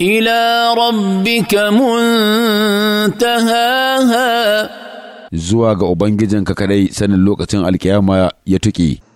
إلى ربك منتهاها zuwa ga Ubangijinka kaɗai sanin lokacin alkiyama ya tuƙe.